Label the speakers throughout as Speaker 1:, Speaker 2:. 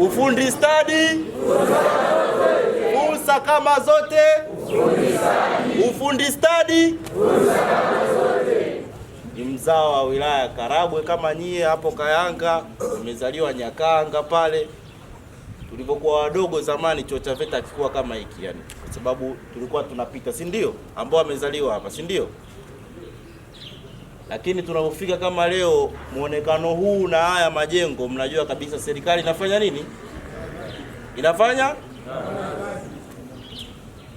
Speaker 1: ufundi stadi, fursa kama zote, ufundi stadi ni mzao wa wilaya Karagwe kama nyie hapo Kayanga, umezaliwa Nyakanga pale. Tulipokuwa wadogo zamani, chuo cha VETA akikuwa kama hiki yani, kwa sababu tulikuwa tunapita, si ndio? Ambao wamezaliwa hapa, si ndio? Lakini tunapofika kama leo, muonekano huu na haya majengo, mnajua kabisa serikali inafanya nini, inafanya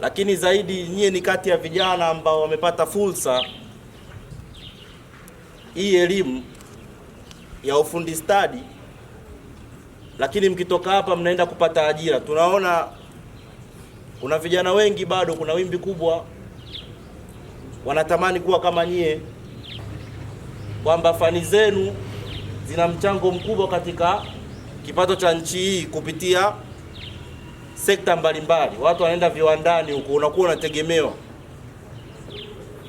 Speaker 1: lakini zaidi nyie ni kati ya vijana ambao wamepata fursa hii elimu ya ufundi stadi, lakini mkitoka hapa mnaenda kupata ajira. Tunaona kuna vijana wengi bado, kuna wimbi kubwa wanatamani kuwa kama nyie kwamba fani zenu zina mchango mkubwa katika kipato cha nchi hii kupitia sekta mbalimbali. Watu wanaenda viwandani huko, unakuwa unategemewa.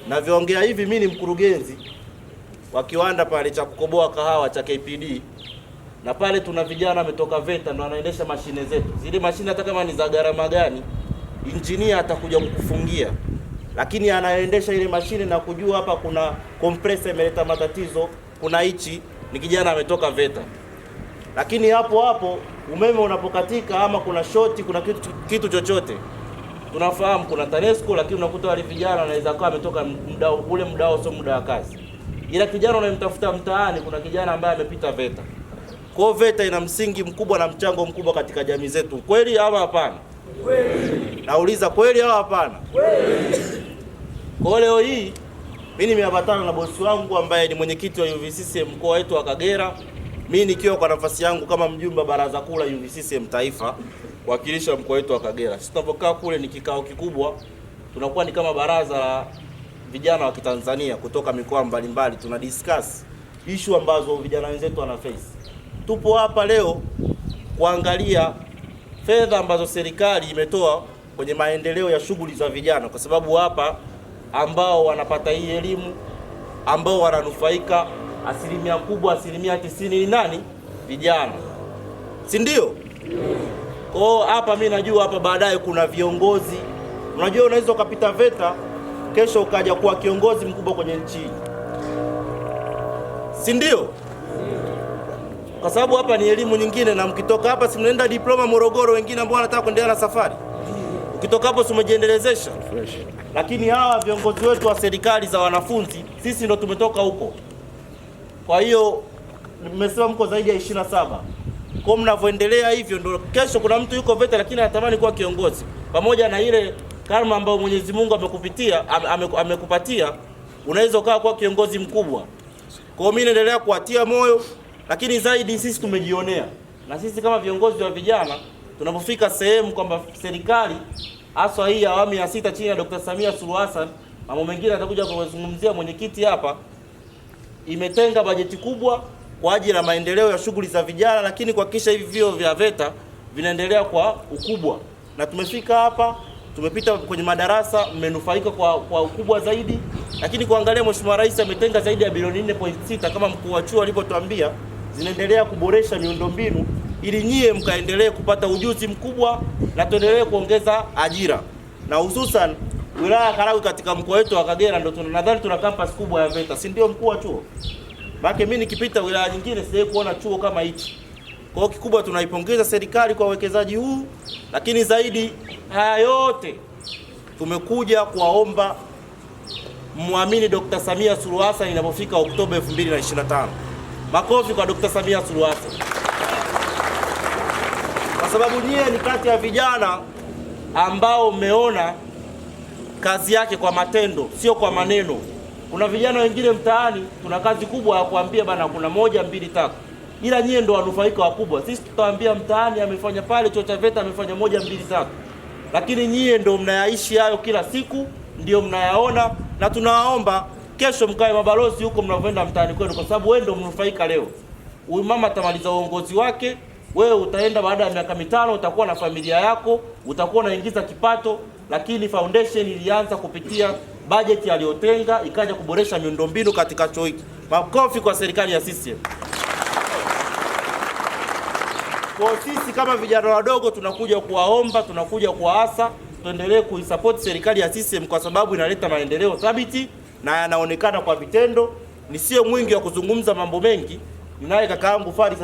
Speaker 1: Navyoongea hivi, mimi ni mkurugenzi wa kiwanda pale cha kukoboa kahawa cha KPD, na pale tuna vijana wametoka VETA ndo anaendesha mashine zetu. Zile mashine hata kama ni za gharama gani, injinia atakuja kukufungia lakini anaendesha ile mashine na kujua hapa kuna compressor imeleta matatizo, kuna hichi ni kijana ametoka VETA. Lakini hapo hapo umeme unapokatika ama kuna shoti, kuna kitu, kitu chochote tunafahamu kuna TANESCO, lakini unakuta wale vijana anaweza kuwa ametoka muda ule, muda wao sio muda wa kazi, ila kijana unayemtafuta mtaani, kuna kijana ambaye amepita VETA. Kwa VETA ina msingi mkubwa na mchango mkubwa katika jamii zetu, kweli ama hapana? Kweli. Nauliza, kweli au hapana? Kweli. Kwa leo hii mimi nimeambatana na bosi wangu ambaye ni mwenyekiti wa UVCCM mkoa wetu wa Kagera, mimi nikiwa kwa nafasi yangu kama mjumbe baraza kuu la UVCCM taifa kuwakilisha mkoa wetu wa Kagera. Sisi tunapokaa kule ni kikao kikubwa, tunakuwa ni kama baraza la vijana wa Kitanzania kutoka mikoa mbalimbali, tuna discuss issue ambazo vijana wenzetu wana face. Tupo hapa leo kuangalia fedha ambazo serikali imetoa kwenye maendeleo ya shughuli za vijana, kwa sababu hapa ambao wanapata hii elimu ambao wananufaika asilimia kubwa, asilimia tisini ni nani? Vijana, si ndio? Kwao hapa mi najua hapa baadaye kuna viongozi. Unajua, unaweza ukapita VETA kesho ukaja kuwa kiongozi mkubwa kwenye nchi hii, si ndio? Kwa sababu hapa ni elimu nyingine, na mkitoka hapa si mnaenda diploma Morogoro, wengine ambao wanataka kuendelea na safari, ukitoka hapo si umejiendelezesha lakini hawa viongozi wetu wa serikali za wanafunzi sisi ndo tumetoka huko. Kwa hiyo mmesema mko zaidi ya 27 kwa mnavyoendelea hivyo, ndo kesho kuna mtu yuko VETA lakini anatamani kuwa kiongozi, pamoja na ile karma ambayo Mwenyezi Mungu amekupitia amekupatia, unaweza ukawa kuwa kiongozi mkubwa. Kwa hiyo mimi naendelea kuwatia moyo, lakini zaidi sisi tumejionea na sisi kama viongozi wa vijana tunapofika sehemu kwamba serikali haswa hii awamu ya sita chini ya Dr. Samia Suluhu Hassan, mambo mengine atakuja kuzungumzia mwenyekiti hapa, imetenga bajeti kubwa kwa ajili ya maendeleo ya shughuli za vijana, lakini kuhakikisha hivi vio vya VETA vinaendelea kwa ukubwa, na tumefika hapa tumepita kwenye madarasa, mmenufaika kwa, kwa ukubwa zaidi. Lakini kuangalia, Mheshimiwa Rais ametenga zaidi ya bilioni 4.6 kama mkuu wa chuo alivyotuambia, zinaendelea kuboresha miundombinu ili nyie mkaendelee kupata ujuzi mkubwa na tuendelee kuongeza ajira, na hususan wilaya ya Karagwe katika mkoa wetu wa Kagera ndio tunadhani tuna campus kubwa ya VETA, si ndio mkuu wa chuo? Maana mimi nikipita wilaya nyingine sijawahi kuona chuo kama hichi. Kwa kikubwa tunaipongeza serikali kwa uwekezaji huu, lakini zaidi haya yote tumekuja kuwaomba mwamini Dr. Samia Suluhu Hassan inapofika Oktoba 2025. Makofi kwa Dr. Samia Suluhu Hassan sababu nyie ni kati ya vijana ambao mmeona kazi yake kwa matendo, sio kwa maneno. Kuna vijana wengine mtaani, tuna kazi kubwa ya kuambia bana, kuna moja mbili tatu, ila nyie ndo wanufaika wakubwa. Sisi tutawaambia mtaani, amefanya pale chuo cha VETA amefanya moja mbili tatu, lakini nyie ndo mnayaishi hayo kila siku, ndio mnayaona, na tunawaomba kesho mkae mabalozi huko mnavyoenda mtaani kwenu, kwa sababu wewe ndo mnufaika leo. Huyu mama atamaliza uongozi wake wewe utaenda baada ya miaka mitano utakuwa na familia yako, utakuwa unaingiza kipato, lakini foundation ilianza kupitia bajeti aliyotenga ikaja kuboresha miundombinu katika chuo hiki. Makofi kwa serikali ya CCM. Kwa sisi kama vijana wadogo tunakuja kuwaomba, tunakuja kuwaasa tuendelee kuisupport serikali ya CCM kwa sababu inaleta maendeleo thabiti na yanaonekana kwa vitendo. Ni sio mwingi wa kuzungumza mambo mengi, ninaye yangu Faris